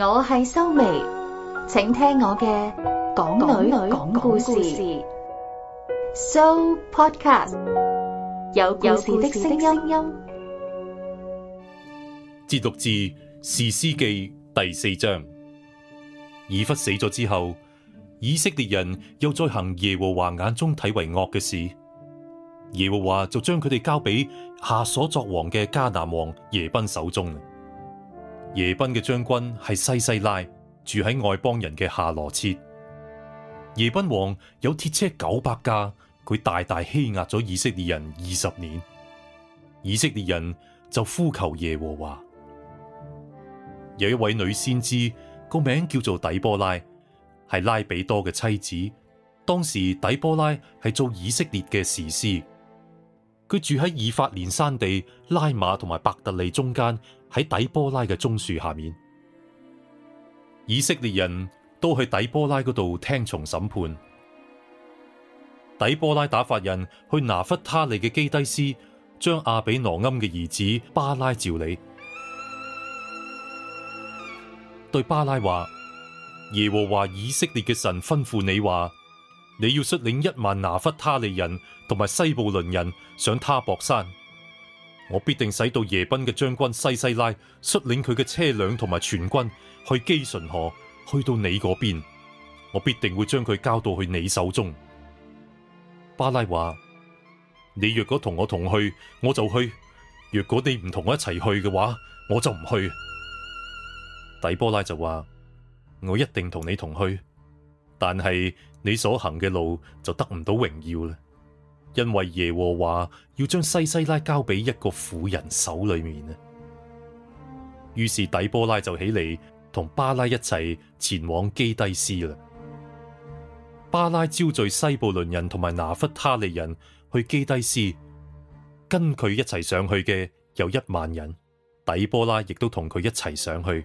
我係修眉，請聽我嘅港女女講故事，So Podcast 有故事的聲音，音。節讀自《士師記》第四章，以笏死咗之後，以色列人又再行耶和華眼中睇為惡嘅事，耶和華就將佢哋交俾夏瑣作王嘅迦南王耶賓手中。耶賓嘅將軍係西西拉，住喺外邦人嘅夏羅設。耶賓王有鐵車九百架，佢大大欺壓咗以色列人二十年。以色列人就呼求耶和華。有一位女先知，個名叫做底波拉，係拉比多嘅妻子。當時底波拉係做以色列嘅士師，佢住喺以法蓮山地拉馬同埋伯特利中間。喺底波拉嘅棕樹下面，以色列人都去底波拉嗰度聽從審判。底波拉打發人去拿弗他利嘅基低斯，將亞比挪庵嘅兒子巴拉召嚟，對巴拉話：耶和華以色列嘅神吩咐你話，你要率領一萬拿弗他利人同埋西布倫人上他博山。我必定使到耶賓嘅將軍西西拉率領佢嘅車輛同埋全軍去基順河，去到你嗰邊，我必定會將佢交到去你手中。巴拉話：你若果同我同去，我就去；若果你唔同我一齊去嘅話，我就唔去。底波拉就話：我一定同你同去，但係你所行嘅路就得唔到榮耀啦。因為耶和華要將西西拉交俾一個婦人手裏面啊，於是底波拉就起嚟同巴拉一齊前往基低斯啦。巴拉召聚西布倫人同埋拿弗他利人去基低斯，跟佢一齊上去嘅有一萬人。底波拉亦都同佢一齊上去。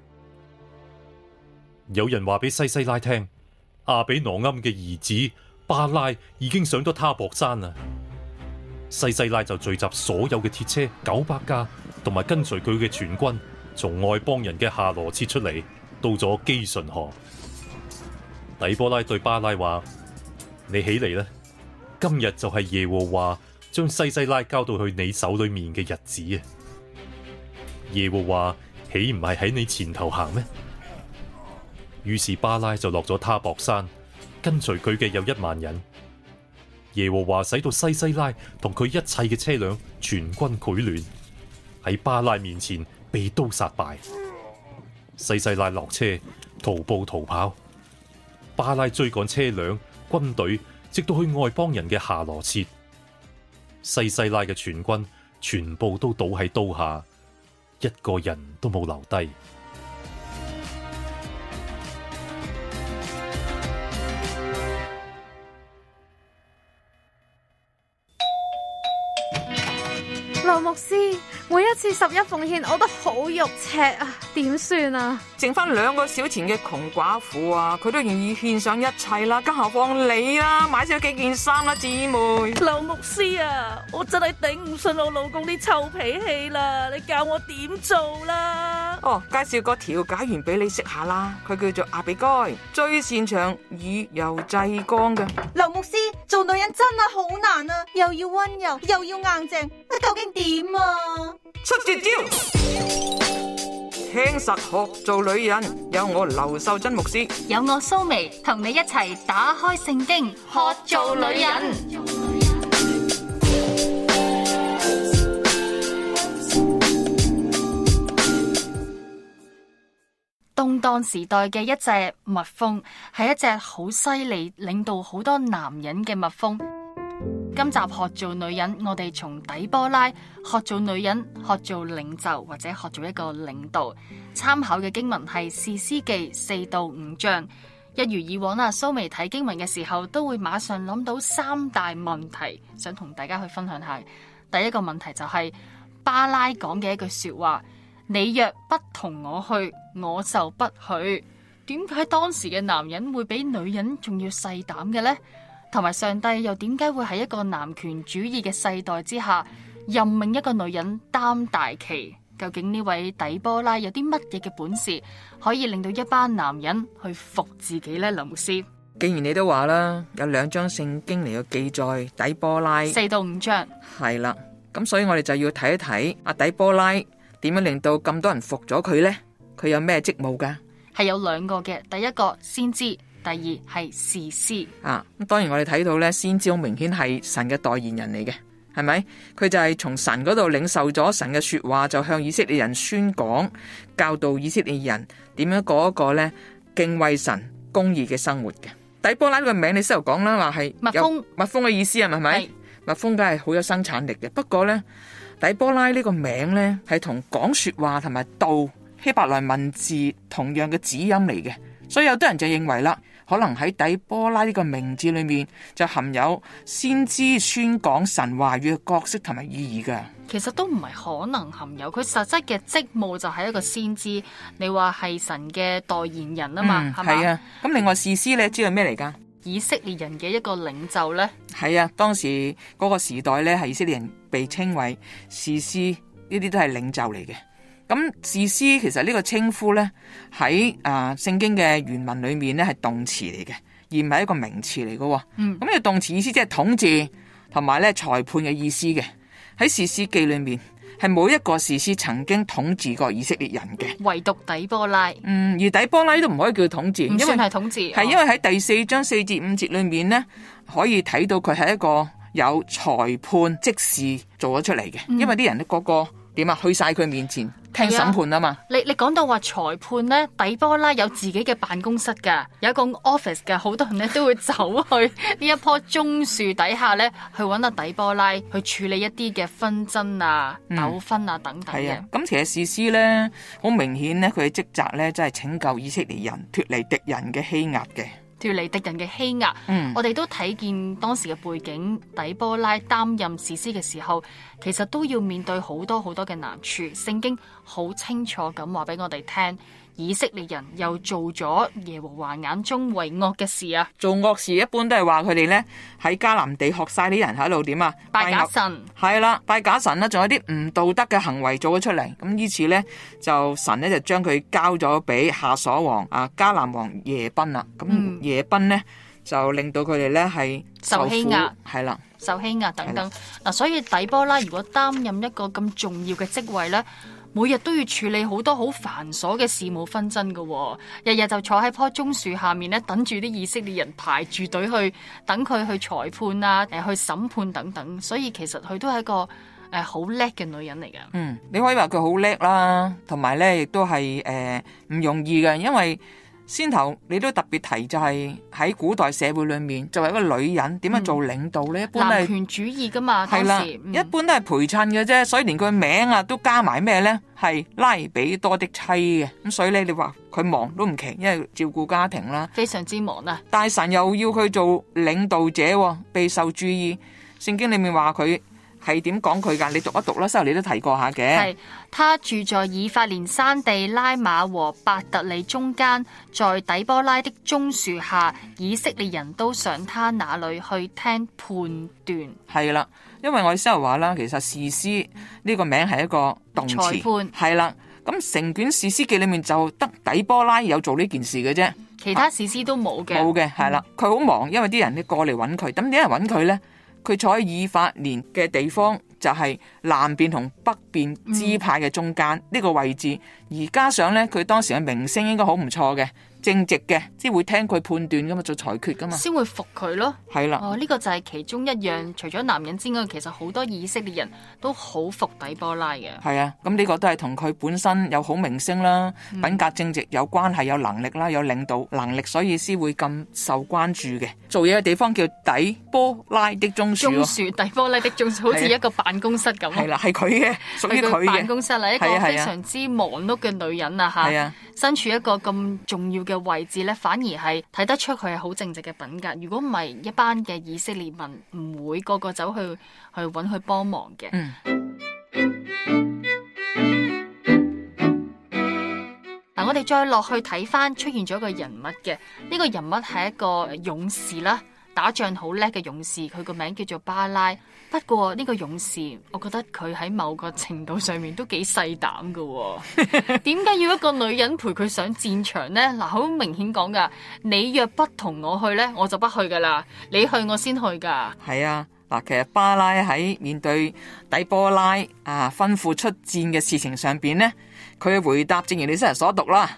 有人話俾西西拉聽，亞比挪庵嘅兒子巴拉已經上咗他泊山啦。西西拉就聚集所有嘅鐵車九百架，同埋跟隨佢嘅全軍，從外邦人嘅夏羅設出嚟，到咗基順河。底波拉對巴拉話：你起嚟啦，今日就係耶和華將西西拉交到去你手裏面嘅日子啊！耶和華豈唔係喺你前頭行咩？於是巴拉就落咗他泊山，跟隨佢嘅有一萬人。耶和華使到西西拉同佢一切嘅車輛全軍潰亂，喺巴拉面前被刀殺敗。西西拉落車徒步逃跑，巴拉追趕車輛軍隊，直到去外邦人嘅夏羅設。西西拉嘅全軍全部都倒喺刀下，一個人都冇留低。十一奉獻，我都好肉赤啊，點算啊？剩翻兩個小錢嘅窮寡婦啊，佢都願意獻上一切啦。更何況你啦，買少幾件衫啦，姊妹。劉牧師啊，我真係頂唔順我老公啲臭脾氣啦，你教我點做啦？哦，介紹個調解員俾你識下啦，佢叫做阿比該，最擅長以柔制剛嘅。劉牧師，做女人真係好難啊，又要溫柔，又要硬淨，你究竟點啊？出絕招！聽實學做女人，有我劉秀珍牧師，有我蘇眉，同你一齊打開聖經，學做女人。動盪時代嘅一隻蜜蜂，係一隻好犀利，領導好多男人嘅蜜蜂。今集學做女人，我哋從底波拉學做女人，學做領袖或者學做一個領導。參考嘅經文係士師記四到五章。一如以往啦，蘇眉睇經文嘅時候，都會馬上諗到三大問題，想同大家去分享下。第一個問題就係，巴拉講嘅一句說話：你若不同我去，我就不去。點解當時嘅男人會比女人仲要細膽嘅呢？同埋上帝又點解會喺一個男權主義嘅世代之下，任命一個女人擔大旗？究竟呢位底波拉有啲乜嘢嘅本事，可以令到一班男人去服自己呢？林牧師，既然你都話啦，有兩章聖經嚟嘅記載底波拉，四到五章，係啦，咁所以我哋就要睇一睇阿底波拉點樣令到咁多人服咗佢呢？佢有咩職務㗎？係有兩個嘅，第一個先知。第二係士師啊，咁當然我哋睇到咧，先知好明顯係神嘅代言人嚟嘅，係咪？佢就係從神嗰度領受咗神嘅說話，就向以色列人宣講、教導以色列人點樣過一個咧敬畏神、公義嘅生活嘅。底波拉呢個名，你先頭講啦，話係蜜蜂，蜜蜂嘅意思係咪？係是蜜蜂梗係好有生產力嘅。不過咧，底波拉呢個名咧，係同講說話同埋道希伯來文字同樣嘅指音嚟嘅，所以有啲人就認為啦。可能喺底波拉呢個名字裏面就含有先知宣講神話語嘅角色同埋意義嘅。其實都唔係可能含有，佢實質嘅職務就係一個先知。你話係神嘅代言人啊嘛，係嘛、嗯？係吧啊。咁另外士師你知道咩嚟噶？以色列人嘅一個領袖咧。係啊，當時嗰個時代咧，係以色列人被稱為士師，呢啲都係領袖嚟嘅。咁士師其實呢個稱呼呢，喺啊聖經嘅原文裏面呢，係動詞嚟嘅，而唔係一個名詞嚟嘅。咁呢個動詞意思即係統治同埋咧裁判嘅意思嘅。喺士師記裏面係每一個士師曾經統治過以色列人嘅，唯獨底波拉。嗯，而底波拉呢都唔可以叫統治，唔算係統治，係因為喺第四章四節五節裏面呢，可以睇到佢係一個有裁判即時做咗出嚟嘅，嗯、因為啲人咧個個。點啊？去晒佢面前聽審判啊嘛！你你講到話裁判咧，底波拉有自己嘅辦公室噶，有一個 office 嘅，好多人咧都會走去呢 一棵棕樹底下咧，去搵阿底波拉去處理一啲嘅紛爭啊、糾紛、嗯、啊等等嘅。咁、啊、其實士師咧，好明顯咧，佢嘅職責咧，即係拯救以色列人脫離敵人嘅欺壓嘅。脫離敵人嘅欺壓，嗯、我哋都睇見當時嘅背景。底波拉擔任士師嘅時候，其實都要面對好多好多嘅難處。聖經好清楚咁話俾我哋聽。以色列人又做咗耶和華眼中為惡嘅事啊！做惡事一般都係話佢哋咧喺迦南地學晒啲人喺度點啊？拜假神係啦，拜假神啦，仲有啲唔道德嘅行為做咗出嚟。咁於是咧，就神咧就將佢交咗俾夏瑣王啊，迦南王耶賓啦。咁耶賓咧就令到佢哋咧係受欺壓，係啦，受欺壓等等。嗱，所以底波拉如果擔任一個咁重要嘅職位咧。每日都要處理好多好繁瑣嘅事務紛爭嘅、哦，日日就坐喺棵棕樹下面咧，等住啲以色列人排住隊去等佢去裁判呀、啊、誒、呃，去審判等等，所以其實佢都係一個誒好叻嘅女人嚟嘅。嗯，你可以話佢好叻啦，同埋咧亦都係誒唔容易嘅，因為。先頭你都特別提，就係喺古代社會裏面作為、就是、一個女人點樣做領導呢？嗯、一般男權主義噶嘛，當時的、嗯、一般都係陪襯嘅啫，所以連佢名啊都加埋咩呢？係拉比多的妻嘅，咁所以咧，你話佢忙都唔奇，因為照顧家庭啦，非常之忙啦、啊，大神又要去做領導者，備受注意，聖經裏面話佢，係點講佢噶？你讀一讀啦，修你都提過下嘅。係，他住在以法蓮山地拉馬和伯特利中間，在底波拉的棕樹下，以色列人都上他那裏去聽判斷。係啦，因為我哋修話啦，其實士師呢個名係一個動詞。裁判。係啦，咁成卷士師記裏面就得底波拉有做呢件事嘅啫，其他士師都冇嘅。冇嘅係啦，佢好、嗯、忙，因為啲人你過嚟揾佢，咁點解人揾佢咧？佢坐喺以法蓮嘅地方，就係、是、南邊同北邊支派嘅中間呢、嗯、個位置，而加上呢，佢當時嘅名聲應該好唔錯嘅。正直嘅，即係會聽佢判斷噶嘛，做裁決噶嘛，先會服佢咯。係啦的，哦呢、這個就係其中一樣，嗯、除咗男人之外，其實好多以色列人都好服底波拉嘅。係啊，咁、這、呢個都係同佢本身有好名聲啦，嗯、品格正直有關係，有能力啦，有領導能力，所以先會咁受關注嘅。做嘢嘅地方叫底波拉的棕樹、哦、棕樹底波拉的棕樹， 的好似一個辦公室咁。係啦，係佢嘅，屬於佢嘅辦公室啦，一個非常之忙碌嘅女人啊吓，啊的，的身處一個咁重要嘅嘅位置咧，反而係睇得出佢係好正直嘅品格。如果唔係，一班嘅以色列民唔會個個走去去搵佢幫忙嘅。嗯，嗱，我哋再落去睇翻，出現咗一個人物嘅，呢個人物係一個勇士啦。打仗好叻嘅勇士，佢個名叫做巴拉。不過呢個勇士，我覺得佢喺某個程度上面都幾細膽噶。點解 要一個女人陪佢上戰場呢？嗱，好明顯講噶，你若不同我去呢，我就不去噶啦。你去，我去，我先去噶。係啊，嗱，其實巴拉喺面對底波拉啊吩咐出戰嘅事情上邊呢，佢嘅回答正如你今日所讀啦。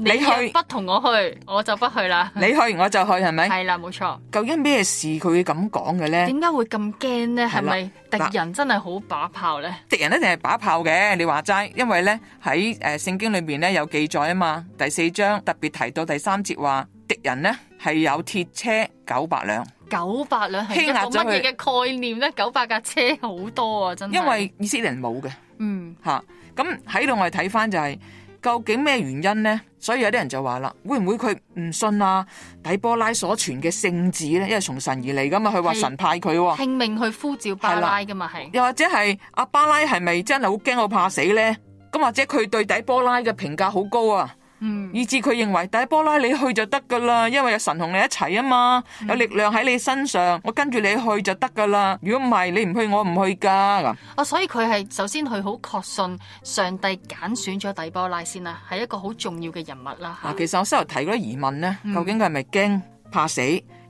你去你不同我去，我就不去啦。 你去我就去，係咪？係啦，冇錯。究竟咩事佢會咁講嘅咧？點解會咁驚咧？係咪敵人、啊、真係好把炮咧？敵人一定係把炮嘅？你話齋，因為咧喺誒聖經裏邊咧有記載啊嘛，第四章特別提到第三節話，敵人咧係有鐵車九百輛。九百輛係乜嘢嘅概念咧？九百架車好多啊，真係。因為以色列人冇嘅，嗯吓，咁喺度我哋睇翻就係、是。究竟咩原因呢？所以有啲人就話啦，會唔會佢唔信啊底波拉所傳嘅聖旨呢？因為從神而嚟噶嘛，佢話神派佢喎，聽命去呼召巴拉噶嘛係，又或者係阿巴拉係咪真係好驚我怕死呢？咁或者佢對底波拉嘅評價好高啊？嗯、以至佢認為底波拉你去就得噶啦，因為有神同你一齊啊嘛，嗯、有力量喺你身上，我跟住你去就得噶啦。如果唔係，你唔去我唔去噶。啊、哦，所以佢係首先佢好確信上帝揀選咗底波拉先啦，係一個好重要嘅人物啦。啊，其實我先頭提嗰啲疑問咧，嗯、究竟佢係咪驚怕死，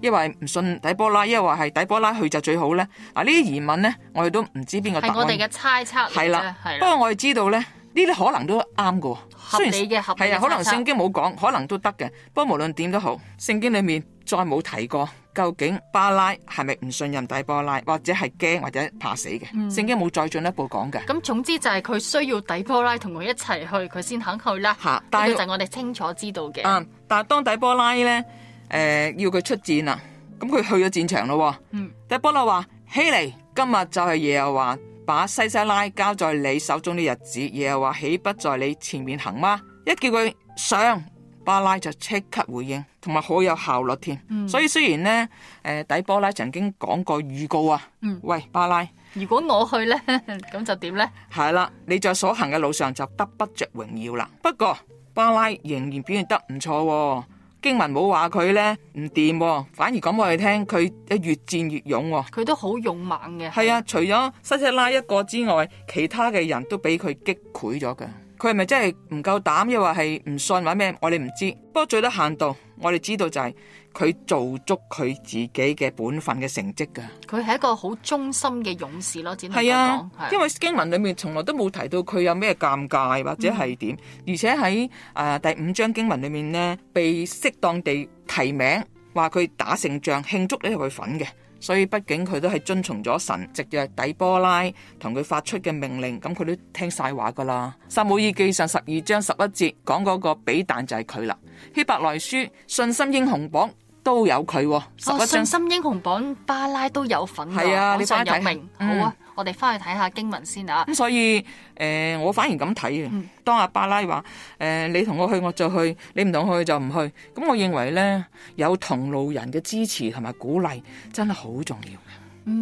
定話係唔信底波拉，定話係底波拉去就最好咧？啊，呢啲疑問咧，我哋都唔知邊個。係我哋嘅猜測嚟啫。係啦，係。不過我哋知道咧。呢啲可能都啱嘅，合理的雖然係啊，可能聖經冇講，可能都得嘅。不過無論點都好，聖經裏面再冇提過究竟巴拉係咪唔信任底波拉，或者係驚或者怕死嘅？聖、嗯、經冇再進一步講嘅。咁、嗯、總之就係佢需要底波拉同佢一齊去，佢先肯去啦。吓、啊，呢個就是我哋清楚知道嘅。嗯，但係當底波拉咧，誒、呃，要佢出戰啦，咁佢去咗戰場咯、哦。嗯，底波拉話：希尼，今日就係耶和華，把西西拉交在你手中的日子，也話豈不在你前面行嗎？一叫佢上，巴拉就即刻回應，同埋好有效率添。嗯、所以雖然呢誒、呃、底波拉曾經講過預告啊，嗯、喂巴拉，如果我去呢，咁 就點呢？係啦，你在所行嘅路上就得不着榮耀啦。不過巴拉仍然表現得唔錯、哦。經文冇話佢咧唔掂，反而講我哋聽佢越戰越勇，哦，佢都好勇猛嘅。係啊，除咗西西拉一個之外，其他嘅人都俾佢擊潰咗嘅。佢係咪真係唔夠膽，又話係唔信，或咩？我哋唔知。不過最得限度，我哋知道就係、是。佢做足佢自己嘅本分嘅成績㗎。佢係一個好忠心嘅勇士咯，只能夠講。係啊，是因為經文裏面從來都冇提到佢有咩尷尬或者係點，嗯、而且喺、呃、第五章經文裏面呢，被適當地提名話佢打勝仗慶祝呢係佢份嘅。所以，畢竟佢都係遵從咗神，藉著底波拉同佢發出嘅命令，咁佢都聽晒話噶啦。撒母耳記上十二章十一節講嗰個比但就係佢啦。希伯來書信心英雄榜都有佢喎。信心英雄榜、哦哦、英雄榜巴拉都有份喎，榜上、啊、有名，好啊。嗯我哋翻去睇下經文先啊！咁所以，誒、呃、我反而咁睇嘅。嗯、當阿巴拉話，誒，你同我去我就去，你唔同我去就唔去。咁我認為咧，有同路人嘅支持同埋鼓勵，真係好重要。嗯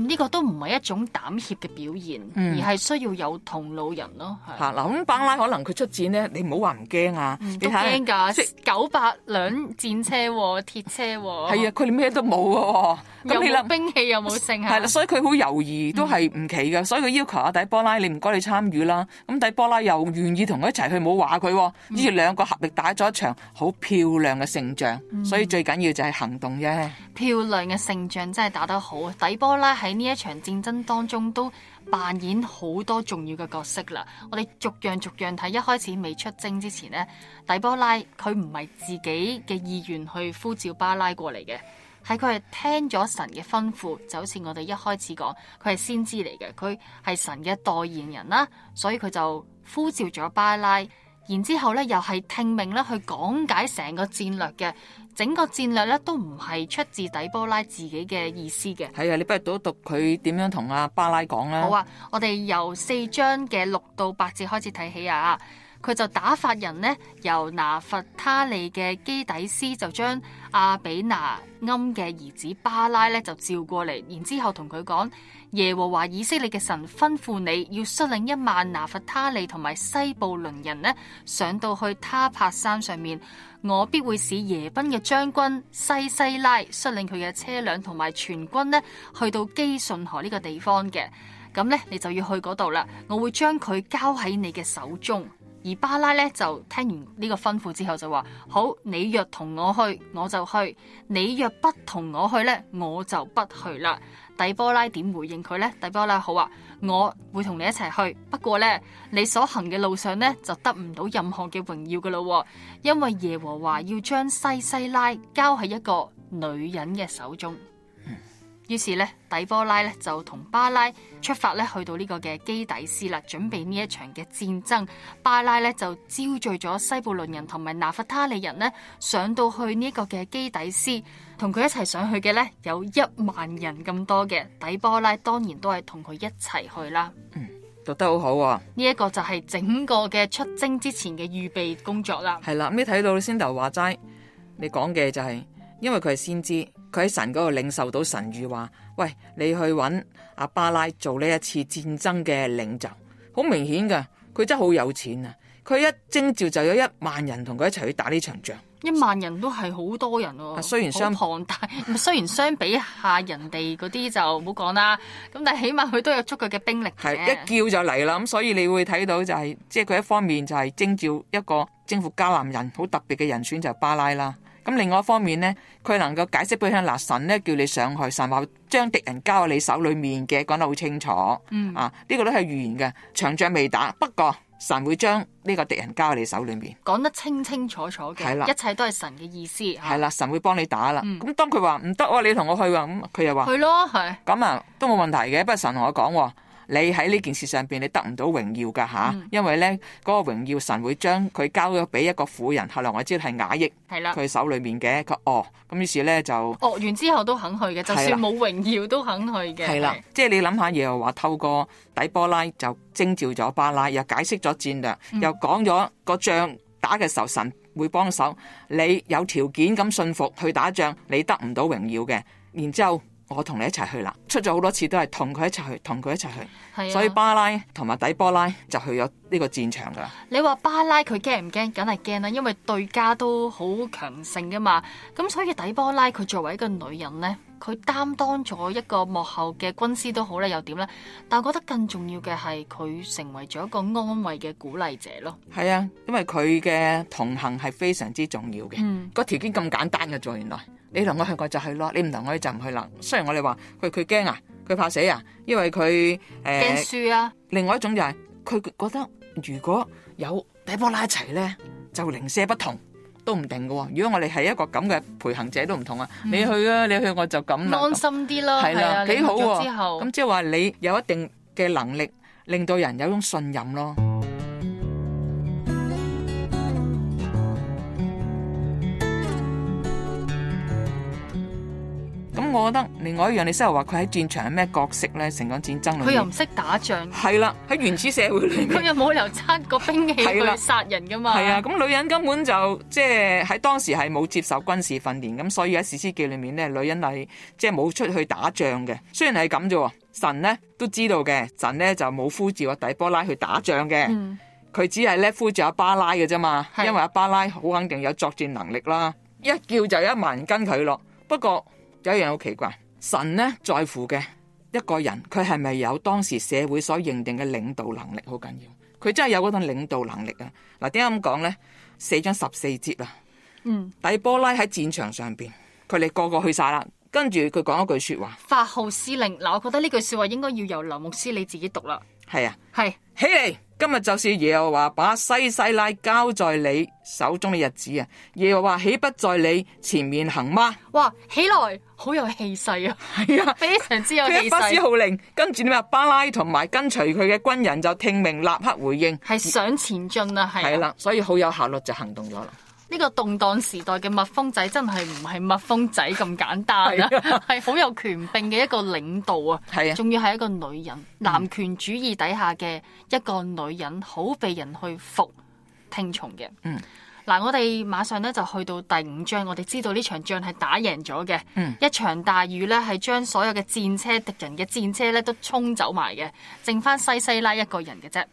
呢個都唔係一種膽怯嘅表現，而係需要有同路人咯。嚇嗱，咁巴拉可能佢出戰呢，你唔好話唔驚啊！都驚㗎，九百輛戰車、鐵車。係啊，佢哋咩都冇嘅喎，咁你啦，兵器又冇剩，係啦，所以佢好猶豫，都係唔奇嘅。所以佢要求阿底波拉，你唔該你參與啦。咁底波拉又願意同佢一齊去，冇話佢。於是兩個合力打咗一場好漂亮嘅勝仗。所以最緊要就係行動啫。漂亮嘅勝仗真係打得好，底波拉。喺呢一場戰爭當中，都扮演好多重要嘅角色啦。我哋逐樣逐樣睇，一開始未出征之前呢，底波拉佢唔係自己嘅意願去呼召巴拉過嚟嘅，係佢係聽咗神嘅吩咐，就好似我哋一開始講，佢係先知嚟嘅，佢係神嘅代言人啦，所以佢就呼召咗巴拉。然之後咧，又係聽命咧去講解成個戰略嘅，整個戰略咧都唔係出自底波拉自己嘅意思嘅。係啊，你不如讀一讀佢點樣同阿巴拉講啦。好啊，我哋由四章嘅六到八節開始睇起啊。佢就打發人呢，由拿弗他利嘅基底斯就將阿比拿庵嘅兒子巴拉咧就召過嚟，然之後同佢講，耶和華以色列嘅神吩咐你要率領一萬拿弗他利同埋西布倫人呢，上到去他柏山上面。我必會使耶賓嘅將軍西西拉率領佢嘅車輛同埋全軍呢，去到基順河呢個地方嘅。咁呢，你就要去嗰度啦。我會將佢交喺你嘅手中。而巴拉咧就聽完呢個吩咐之後就話：好，你若同我去，我就去；你若不同我去咧，我就不去啦。底波拉點回應佢咧？底波拉好話、啊：我會同你一齊去，不過咧，你所行嘅路上咧就得唔到任何嘅榮耀嘅咯、哦。因為耶和華要將西西拉交喺一個女人嘅手中。於是咧，底波拉咧就同巴拉出發咧，去到呢個嘅基底斯啦，準備呢一場嘅戰爭。巴拉咧就招聚咗西布倫人同埋拿弗他利人咧，上到去呢個嘅基底斯，同佢一齊上去嘅咧有一萬人咁多嘅。底波拉當然都係同佢一齊去啦。嗯，讀得好好啊，呢一個就係整個嘅出征之前嘅預備工作啦。係啦、嗯，咁你睇到先頭話齋，你講嘅就係。嗯嗯嗯。因為佢係先知，佢喺神嗰度領受到神諭，話，喂，你去揾阿巴拉做呢一次戰爭嘅領袖。好明顯㗎，佢真係好有錢啊！佢一徵召，就有一萬人同佢一齊去打呢場仗。一萬人都係好多人哦、啊，雖然相，好龐大。雖然相比下人哋嗰啲就唔好講啦，咁但係起碼佢都有足夠嘅兵力嘅。係一叫就嚟啦，咁所以你會睇到就係、是，即係佢一方面就係徵召一個征服迦南人好特別嘅人選就係巴拉啦。咁另外一方面咧，佢能夠解釋俾你聽，嗱，神咧叫你上去，神話將敵人交喺你手裏面嘅，講得好清楚。嗯、啊，呢、這個都係預言嘅，場仗未打，不過神會將呢個敵人交喺你手裏面，講得清清楚楚嘅，的一切都係神嘅意思。係啦的，神會幫你打啦。咁、嗯、當佢話唔得，你同我去喎、啊，咁佢又話去咯，係咁啊，都冇問題嘅。不過神同我講喎、啊。你喺呢件事上邊，你得唔到榮耀噶吓，啊嗯、因為呢、嗰個榮耀神會將佢交咗俾一個婦人，後來我知道係雅益，佢的手裏面嘅，佢哦，咁於是呢，就哦完之後都肯去嘅，就算冇榮耀是的都肯去嘅，係啦，即係你諗下嘢又話透過底波拉就徵召咗巴拉，又解釋咗戰略，嗯、又講咗、個仗打嘅時候神會幫手，你有條件咁信服去打仗，你得唔到榮耀嘅，然之後。我同你一齊去啦，出咗好多次都係同佢一齊去，同佢一齊去。啊，所以巴拉同埋底波拉就去咗呢個戰場噶啦。你話巴拉佢驚唔驚？梗係驚啦，因為對家都好強盛噶嘛。咁所以底波拉佢作為一個女人呢，佢擔當咗一個幕後嘅軍師都好啦，又點呢？但我覺得更重要嘅係佢成為咗一個安慰嘅鼓勵者咯。係啊，因為佢嘅同行係非常之重要嘅。嗯，個條件咁簡單嘅，原來。你同我去過就去咯，你唔同我哋就唔去啦。雖然我哋話佢佢驚啊，佢怕死啊，因為佢誒，驚、呃、輸啊。另外一種就係、是、佢覺得如果有底波拉齊咧，就零舍不同都唔定噶、哦。如果我哋係一個咁嘅陪行者都唔同啊。嗯、你去啊，你去我就咁啦。嗯啊、安心啲咯，係了啊，幾好之後，咁即係話你有一定嘅能力，令到人有一種信任咯。咁，我覺得另外一樣，你先又話佢喺戰場係咩角色咧？成講戰爭，佢又唔識打仗。係啦，喺原始社會裏面，佢又冇留七個兵器去殺人噶嘛。係啊，咁女人根本就即係喺當時係冇接受軍事訓練，咁所以喺士師記裏面咧，女人係即係冇出去打仗嘅。雖然係咁啫，神咧都知道嘅，神咧就冇呼召阿底波拉去打仗嘅，佢、嗯、只係咧呼召阿巴拉嘅啫嘛，是因為阿巴拉好肯定有作戰能力啦，一叫就一萬人跟佢咯。不過，有一樣好奇怪，神呢在乎嘅一個人，佢係咪有當時社會所認定嘅領導能力好緊要？佢真係有嗰種領導能力啊！嗱，點解咁講呢？四章十四節啊，嗯，底波拉喺戰場上邊，佢哋個個去晒啦，跟住佢講一句說話，發號施令。嗱，我覺得呢句說話應該要由劉牧師你自己讀啦。係啊，係。起嚟！今日就是耶和華把西西拉交在你手中嘅日子啊！耶和華豈不在你前面行嗎？哇！起來，好有氣勢啊！係啊，非常之有氣勢。嘅發號令，跟住你話，巴拉同埋跟隨佢嘅軍人就聽命，立刻回應，係想前進是啊！係係啦，所以好有效率就行動咗啦。呢個動盪時代嘅蜜蜂仔真係唔係蜜蜂仔咁簡單啊，係好 有權柄嘅一個領導啊，仲要係一個女人，男權主義底下嘅一個女人，好，嗯、被人去服聽從嘅。嗱，嗯，我哋馬上咧就去到第五章，我哋知道呢場仗係打贏咗嘅。嗯，一場大雨呢，係將所有嘅戰車、敵人嘅戰車呢都沖走埋嘅，剩翻西西拉一個人嘅啫。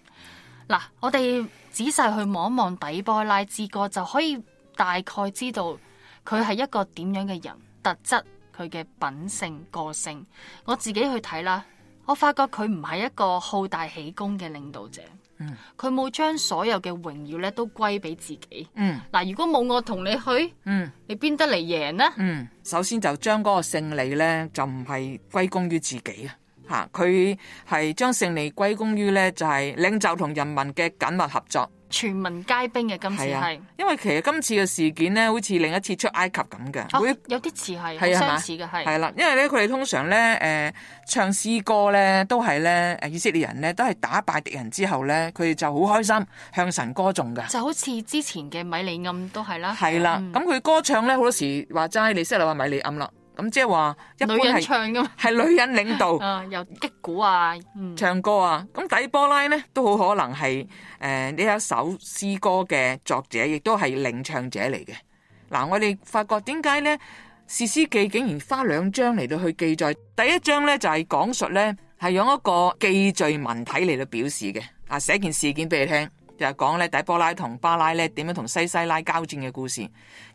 嗱，我哋。仔細去望一望底波拉之歌，就可以大概知道佢係一個點樣嘅人，特質佢嘅品性個性。我自己去睇啦，我發覺佢唔係一個好大喜功嘅領導者，嗯，佢冇將所有嘅榮耀咧都歸俾自己，嗯，嗱，如果冇我同你去，嗯，你邊得嚟贏呢？嗯，首先就將嗰個勝利咧就唔係歸功於自己啊。嚇佢係將勝利歸功於咧，就係、係、領袖同人民嘅緊密合作。全民皆兵嘅。今次係、啊、因為其實今次嘅事件咧，好似另一次出埃及咁嘅，啊、會有啲似係相似嘅係。係啦、啊，因為咧佢哋通常咧、呃、唱詩歌咧都係咧，以色列人咧都係打敗敵人之後咧，佢哋就好開心向神歌頌嘅，就好似之前嘅米利暗都係啦。係啦、啊，咁佢、嗯啊、歌唱咧好多時話齋，你識就話米利暗啦。咁即係話，一般係係女，女人領導，又擊鼓啊，啊嗯、唱歌啊，咁底波拉咧都好可能係誒，呢、呃、一首詩歌嘅作者，亦都係領唱者嚟嘅。嗱、啊，我哋發覺點解咧？士師記竟然花兩章嚟到去記載，第一章咧就係、是、講述咧係用一個記敘文體嚟到表示嘅，啊，寫件事件俾你聽。就係講咧底波拉同巴拉咧點樣同西西拉交戰嘅故事，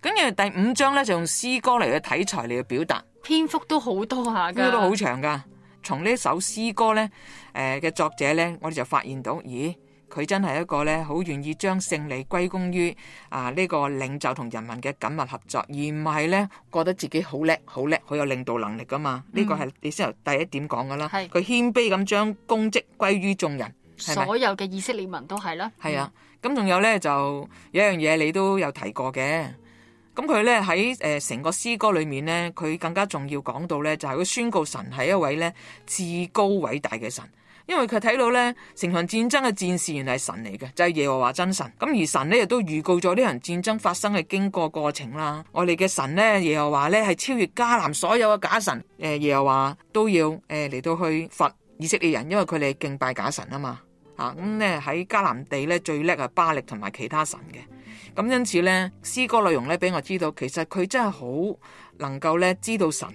咁然後第五章咧就用詩歌嚟嘅題材嚟去表達，篇幅都好多下噶，都好長噶從呢首詩歌咧，誒嘅作者咧，我哋就發現到，咦，佢真係一個咧好願意將勝利歸功於啊呢個領袖同人民嘅緊密合作，而唔係咧覺得自己好叻好叻好有領導能力噶嘛。呢、嗯、個係你先由第一點講噶啦，佢係謙卑咁將功績歸於眾人。所有嘅以色列民都係啦，係啊。咁仲、嗯、有咧，就有一樣嘢你都有提過嘅。咁佢咧喺誒成個詩歌裏面咧，佢更加重要講到咧，就係、是、佢宣告神係一位咧至高偉大嘅神，因為佢睇到咧成場戰爭嘅戰士原來係神嚟嘅，就係、是、耶和華真神。咁而神咧亦都預告咗呢場戰爭發生嘅經過過程啦。我哋嘅神咧，耶和華咧係超越迦南所有嘅假神。誒，耶和華都要誒嚟、呃、到去罰以色列人，因為佢哋敬拜假神啊嘛。啊，咁咧喺迦南地咧最叻係巴力同埋其他神嘅。咁，因此咧詩歌內容咧俾我知道，其實佢真係好能夠咧知道神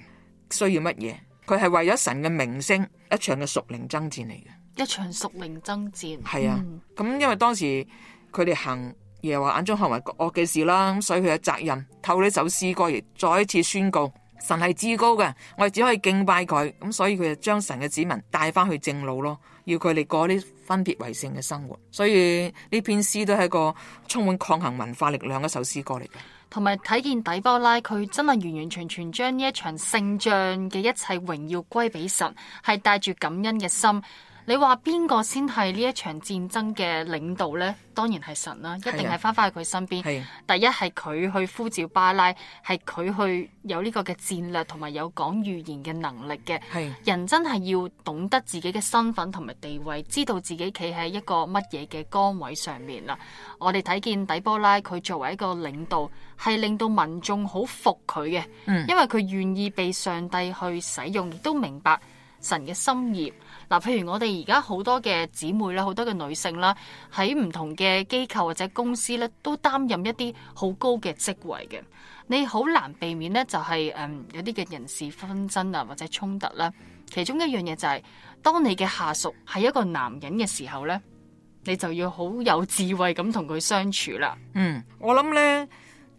需要乜嘢。佢係為咗神嘅名聲一場嘅屬靈爭戰嚟嘅，一場屬靈爭戰係啊。咁、嗯嗯、因為當時佢哋行耶和華眼中行為惡嘅事啦，咁所以佢嘅責任透過呢首詩歌而再一次宣告神係至高嘅，我哋只可以敬拜佢，咁，所以佢就將神嘅子民帶翻去正路咯，要佢哋過呢分別為聖嘅生活，所以呢篇詩都係一個充滿抗衡文化力量嘅一首詩歌嚟嘅。同埋睇見底波拉，佢真係完完全全將呢一場勝仗嘅一切榮耀歸俾神，係帶住感恩嘅心。你話邊個先係呢一場戰爭嘅領導呢？當然係神啦，一定係翻返去佢身邊。的第一係佢去呼召巴拉，係佢去有呢個嘅戰略同埋有講預言嘅能力嘅。的人真係要懂得自己嘅身份同埋地位，知道自己企喺一個乜嘢嘅崗位上面啦。我哋睇見底波拉佢作為一個領導，係令到民眾好服佢嘅，嗯、因為佢願意被上帝去使用，亦都明白神嘅心意。嗱，譬如我哋而家好多嘅姊妹啦，好多嘅女性啦，喺唔同嘅機構或者公司咧，都擔任一啲好高嘅職位嘅，你好難避免咧，就係，就係誒有啲嘅人事紛爭啊或者衝突啦。其中一樣嘢就係、係，當你嘅下屬係一個男人嘅時候咧，你就要好有智慧咁同佢相處啦。嗯，我諗咧，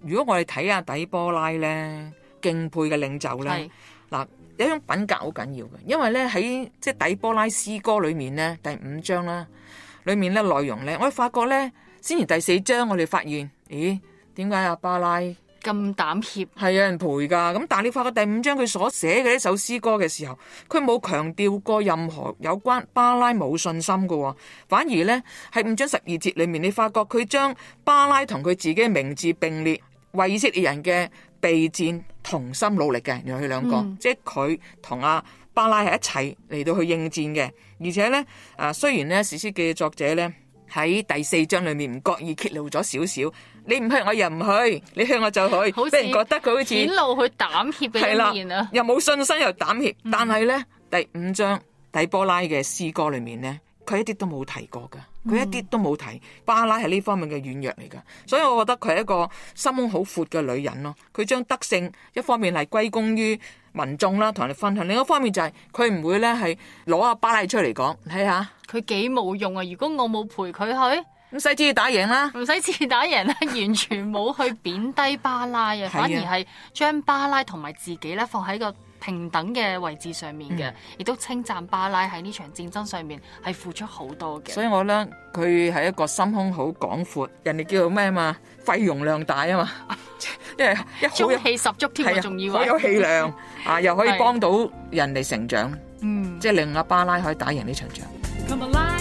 如果我哋睇下底波拉咧，敬佩嘅領袖咧，嗱是。有一種品格好緊要嘅，因為咧喺即係底波拉詩歌裏面咧第五章啦，裏面咧內容咧，我發覺咧，先至第四章我哋發現，咦，點解阿巴拉咁膽怯？係有人陪噶，咁但係你發覺第五章佢所寫嘅呢首詩歌嘅時候，佢冇強調過任何有關巴拉冇信心噶，反而咧喺五章十二節裏面，你發覺佢將巴拉同佢自己嘅名字並列，為以色列人嘅。備戰同心努力嘅，然後佢兩個，嗯、即係佢同阿巴拉係一齊嚟到去應戰嘅，而且咧，誒雖然咧士師記嘅作者咧喺第四章裏面唔覺意揭露咗少少，你唔去我又唔去，你去我就去，即係像覺得佢好似顯露去膽怯嘅一面啦、啊，又冇信心又膽怯，但係咧第五章底波拉嘅詩歌裏面咧。佢一啲都冇提過噶，佢一啲都冇提。巴拉係呢方面嘅軟弱嚟噶，所以我覺得佢係一個心胸好闊嘅女人咯。佢將德性一方面係歸功於民眾啦，同人哋分享；另一方面就係佢唔會咧係攞阿巴拉出嚟講，睇下佢幾冇用啊！如果我冇陪佢去，唔使次打贏啦，唔使似打贏啦，完全冇去貶低巴拉 啊，反而係將巴拉同埋自己咧放喺個平等嘅位置上面嘅，亦都稱讚巴拉喺呢場戰爭上面係付出好多嘅。所以我覺得佢係一個心胸好廣闊，人哋叫做咩啊嘛，肺容量大啊嘛， 因係一好有氣十足添，仲要啊，好有氣量 啊，又可以幫到人哋成長，即係 的令阿巴拉可以打贏呢場仗。Come alive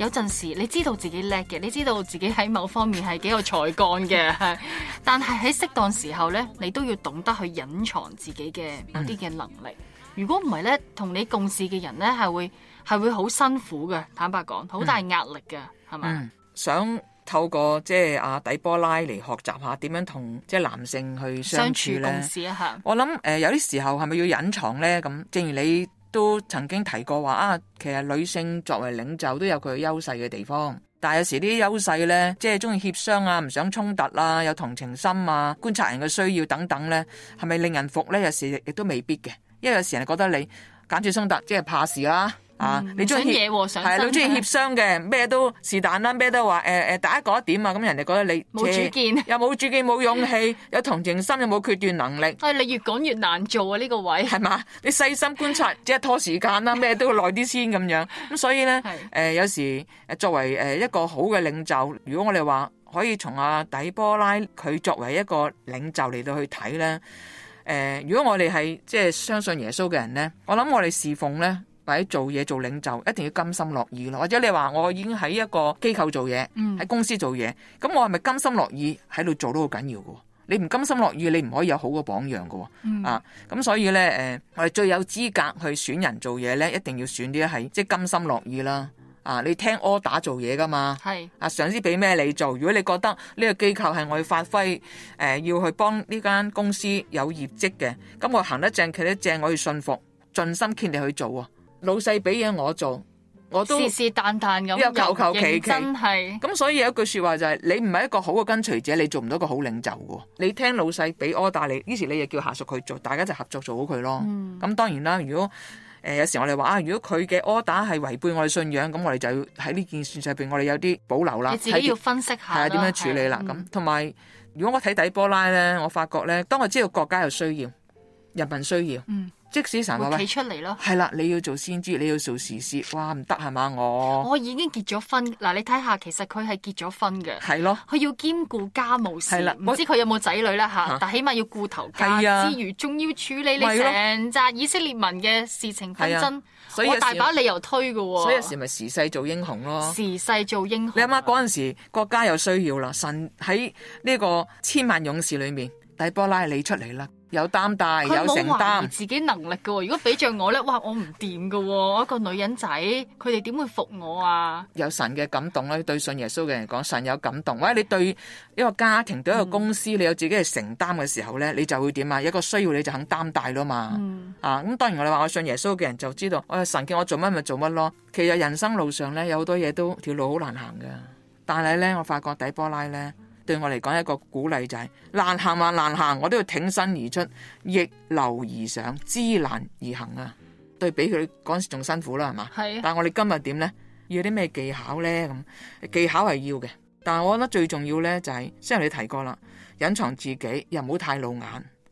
有陣時你，你知道自己叻嘅，你知道自己喺某方面係幾有才幹嘅。 但係喺適當時候呢，你都要懂得去隱藏自己嘅某啲嘅能力。如果唔係呢，同你共事嘅人呢係會係會好辛苦嘅。坦白講，好大壓力嘅，係咪、嗯吧嗯？想透過即係阿底波拉嚟學習下點樣同即係男性去相處，相處共事一下。我諗、呃、有啲時候係咪要隱藏呢？咁正如你。都曾經提過話啊，其實女性作為領袖都有佢優勢嘅地方，但有時啲優勢呢，即係鍾意協商啊，唔想衝突啊、有同情心啊，觀察人嘅需要等等呢，係咪令人服呢？有時亦都未必嘅，因為有時人覺得你揀住衝突，即係怕事啦。啊！嗯、你中意協係、呃、啊，你中意協商嘅咩都是但啦，咩都話誒誒，大家覺得點啊，咁人哋覺得你冇主見，又冇主見，冇勇氣， 有同情心又冇決斷能力。啊、哎！你越講越難做啊！呢、呢個位係嘛？你細心觀察，即係拖時間啦，咩都要耐啲先咁樣咁，所以咧誒是、呃，有時誒作為誒一個好嘅領袖，如果我哋話可以從阿底波拉佢作為一個領袖嚟到去睇咧，誒、呃，如果我哋係即係相信耶穌嘅人咧，我諗我哋侍奉咧。做嘢做領袖，一定要甘心樂意咯。或者你話我已經喺一個機構做嘢，喺、嗯、公司做嘢，咁我係咪甘心樂意喺度做都好緊要嘅？你唔甘心樂意，你唔可以有好嘅榜樣嘅。嗯、啊，咁所以咧，誒、呃，我哋最有資格去選人做嘢咧，一定要選啲係即係甘心樂意啦。啊，你聽柯打做嘢噶嘛係啊，上司俾咩你做？如果你覺得呢個機構係我要發揮，誒、呃，要去幫呢間公司有業績嘅，咁我行得正企得正，我要信服盡心傾力去做啊。老細俾嘢我做，我都是是但但咁，又求求其其，真係咁。所以有一句說話就係、是，你唔係一個好嘅跟隨者，你做唔到一個好領袖嘅。你聽老細俾 order 你，於是你就叫下屬佢做，大家就合作做好佢咯。咁、嗯、當然啦，如果誒、呃、有時我哋話啊，如果佢嘅 order 係違背我哋信仰，咁我哋就要喺呢件事上邊，我哋有啲保留啦。你自己要分析下，係啊，點樣處理啦？咁同埋，如果我睇底波拉咧，我發覺咧，當我知道國家有需要，人民需要，嗯即使神企出嚟咯，係啦，你要做先知，你要做時事，哇，唔得係嘛我？我已經結咗婚，嗱，你睇下，其實佢係結咗婚嘅，係咯的，佢要兼顧家務事，唔知佢有冇仔女啦吓，啊、但起碼要顧頭家的之餘，仲要處理你成紮以色列民嘅事情紛爭，所以我大把理由推噶喎，所以有時咪時勢做英雄咯，時勢做英雄。你阿媽嗰陣時國家有需要啦，神喺呢個千萬勇士裏面，底波拉你出嚟啦。有擔大，有承擔自己能力嘅。如果俾着我咧，哇，我唔掂嘅。一個女人仔，佢哋點會服我啊？有神嘅感動咧，對信耶穌嘅人講，神有感動。喂，你對一個家庭，對一個公司，嗯、你有自己嘅承擔嘅時候咧，你就會點啊？有一個需要你就肯擔大咯嘛。嗯、啊，咁當然我哋話我信耶穌嘅人就知道，我、哎、神叫我做乜咪做乜咯。其實人生路上咧，有好多嘢都條路好難行嘅。但係咧，我發覺底波拉咧。對我嚟講一個鼓勵就係、是、難行還、啊、難行，我都要挺身而出，逆流而上，知難而行啊！對比佢嗰時仲辛苦啦，係嘛？係。但係我哋今日點呢？要啲咩技巧呢？咁技巧係要嘅，但係我覺得最重要呢，就係，雖然你提過啦，隱藏自己又唔好太露眼。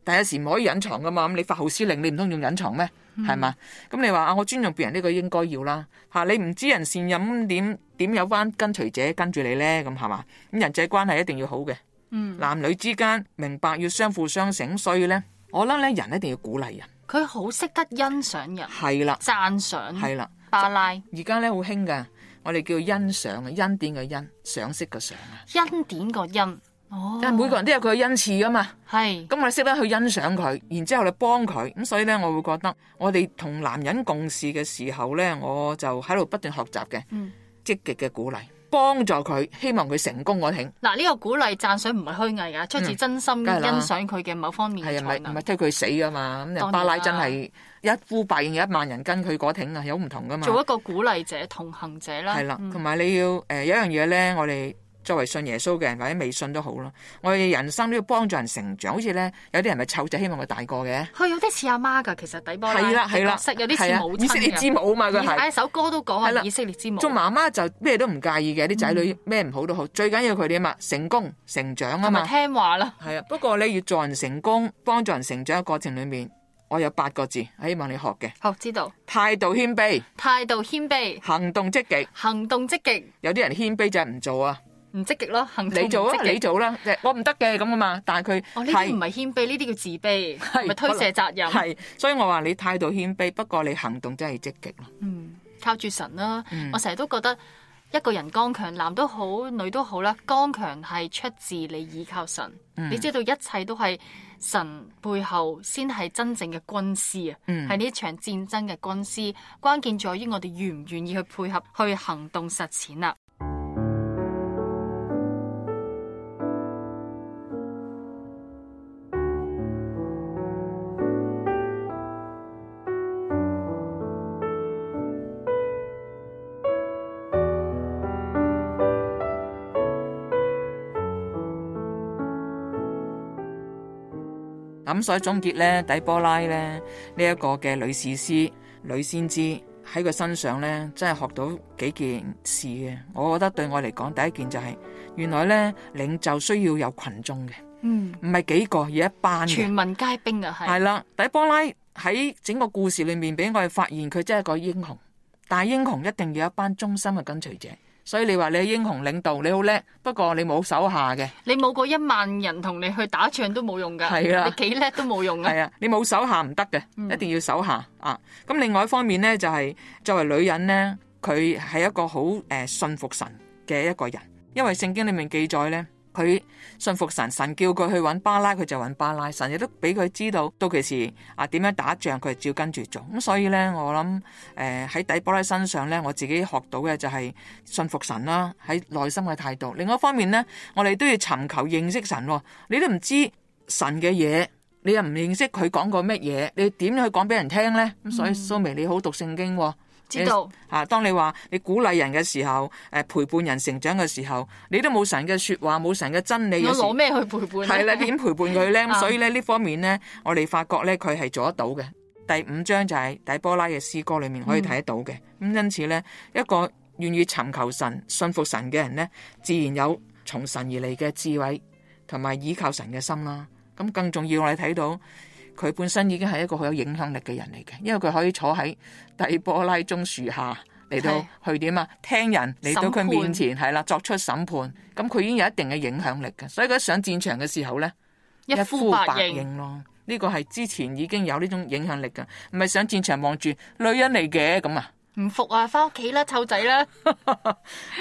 但有時唔可以隱藏噶嘛，咁你發號施令，你唔通用隱藏咩？係嘛、嗯？咁你話啊，我尊重別人呢個應該要啦。吓、啊，你唔知人善任，咁點點有班跟隨者跟住你咧？咁係嘛？咁人際關係一定要好嘅。嗯，男女之間明白要相輔相成，所以咧，我諗咧人一定要鼓勵人。佢好識得欣賞人，係啦，讚賞賞，係啦，巴拉賴。而家咧好興噶，我哋叫欣賞啊，恩典嘅欣」賞的賞，欣的欣「賞識嘅賞啊，恩典個恩。哦，但係每個人都有佢嘅恩賜噶嘛，係、哦，咁我識得去欣賞佢，然之後你幫佢，咁所以咧，我會覺得我哋同男人共事嘅時候咧，我就喺度不斷學習嘅，嗯、積極嘅鼓勵，幫助佢，希望佢成功嗰艇。嗱呢、呢個鼓勵讚賞唔係虛偽噶，出自真心欣賞佢嘅某方面。係、嗯、啊，唔係唔係推佢死噶嘛？咁巴拉真係一呼百應，有一萬人跟佢嗰艇啊，有唔同噶嘛。做一個鼓勵者、同行者啦。係啦的，同埋、嗯、你要誒、呃、有一樣嘢咧，我哋。作為信耶穌嘅人，或者未信都好啦。我哋人生都要幫助人成長，好似咧有啲人咪湊仔，希望佢大個嘅。佢有啲似阿媽㗎，其實底波拉係啦係啦，係啦有啲似以色列之母嘛。佢係首歌都講話係啦以色列之母。做媽媽就咩都唔介意嘅，啲仔女咩唔好都好，嗯，最緊要佢哋啊嘛成功成長啊嘛。聽話啦，係啊。不過你要助人成功、幫助人成長嘅過程裏面，我有八個字，希望你學嘅。學知道態度謙卑，態度謙卑，行動積極，行動積極。有啲人謙卑就係唔做啊。唔積極咯，行動積極。你做啦，你做啦，我唔得嘅咁啊嘛。但係佢哦，呢啲唔係謙卑，呢啲叫自卑，咪是推卸責任。係，所以我話你態度謙卑，不過你行動真係積極咯。嗯，靠住神啦、啊，嗯、我成日都覺得一個人剛強男都好，女都好啦，剛強係出自你倚靠神。嗯、你知道一切都係神背後先係真正嘅軍師啊，係呢、嗯、場戰爭嘅軍師，關鍵在於我哋願唔願意去配合去行動實踐啦、啊。咁所以總結咧，底波拉咧呢一，這個嘅女士師、女先知喺佢身上咧，真係學到幾件事嘅。我覺得對我嚟講，第一件就係、是、原來咧領袖需要有群眾嘅，嗯，唔係幾個而係一班全民皆兵啊，就是，係係啦。底波拉喺整個故事裏面俾我哋發現佢真係個英雄，但係英雄一定要有一班忠心嘅跟隨者。所以你話你係英雄領導，你好叻，不過你冇手下嘅。你冇過一萬人同你去打仗都冇用噶，係啊，你幾叻都冇用啊。係啊，你冇手下唔得嘅，一定要手下啊。咁另外一方面咧，就係作為女人咧，佢係一個好誒信服神嘅一個人，因為聖經裏面記載咧。佢信服神，神叫佢去揾巴拉，佢就揾巴拉。神亦都俾佢知道，到期時啊點樣打仗，佢係照跟住做咁。所以呢，我諗誒喺底波拉身上呢，我自己學到嘅就係信服神啦，喺內心嘅態度。另一方面呢，我哋都要尋求認識神，哦。你都唔知神嘅嘢，你又唔認識佢講過乜嘢，你點去講俾人聽呢？咁所以蘇眉、嗯、你好讀聖經，哦。知道當你話你鼓勵人嘅時候，誒陪伴人成長嘅時候，你都冇神嘅說話，冇神嘅真理嘅時，我攞咩去陪伴？係啦，點陪伴佢咧？ 所以咧呢方面咧，我哋發覺咧佢係做得到嘅。第五章就喺、是、底波拉嘅詩，詩歌裏面可以睇得到嘅。咁、嗯、因此咧，一個願意尋求神、信服神嘅人咧，自然有從神而嚟嘅智慧，同埋倚靠神嘅心啦。咁更重要我哋睇到。佢本身已經係一個好有影響力嘅人嚟嘅，因為佢可以坐喺底波拉棕樹下嚟是到去點啊？聽人嚟到佢面前係啦判，作出審判。咁佢已經有一定嘅影響力嘅，所以佢上戰場嘅時候咧，一呼百應,應咯。呢、這個係之前已經有呢種影響力嘅，唔係上戰場望住女人嚟嘅咁啊？唔服啊！翻屋企啦，湊仔啦咁、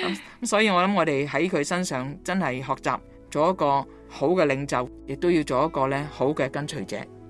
嗯。所以我諗，我哋喺佢身上真係學習做一個好嘅領袖，亦都要做一個咧好嘅跟隨者。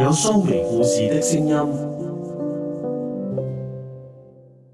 有雙維故事的聲音。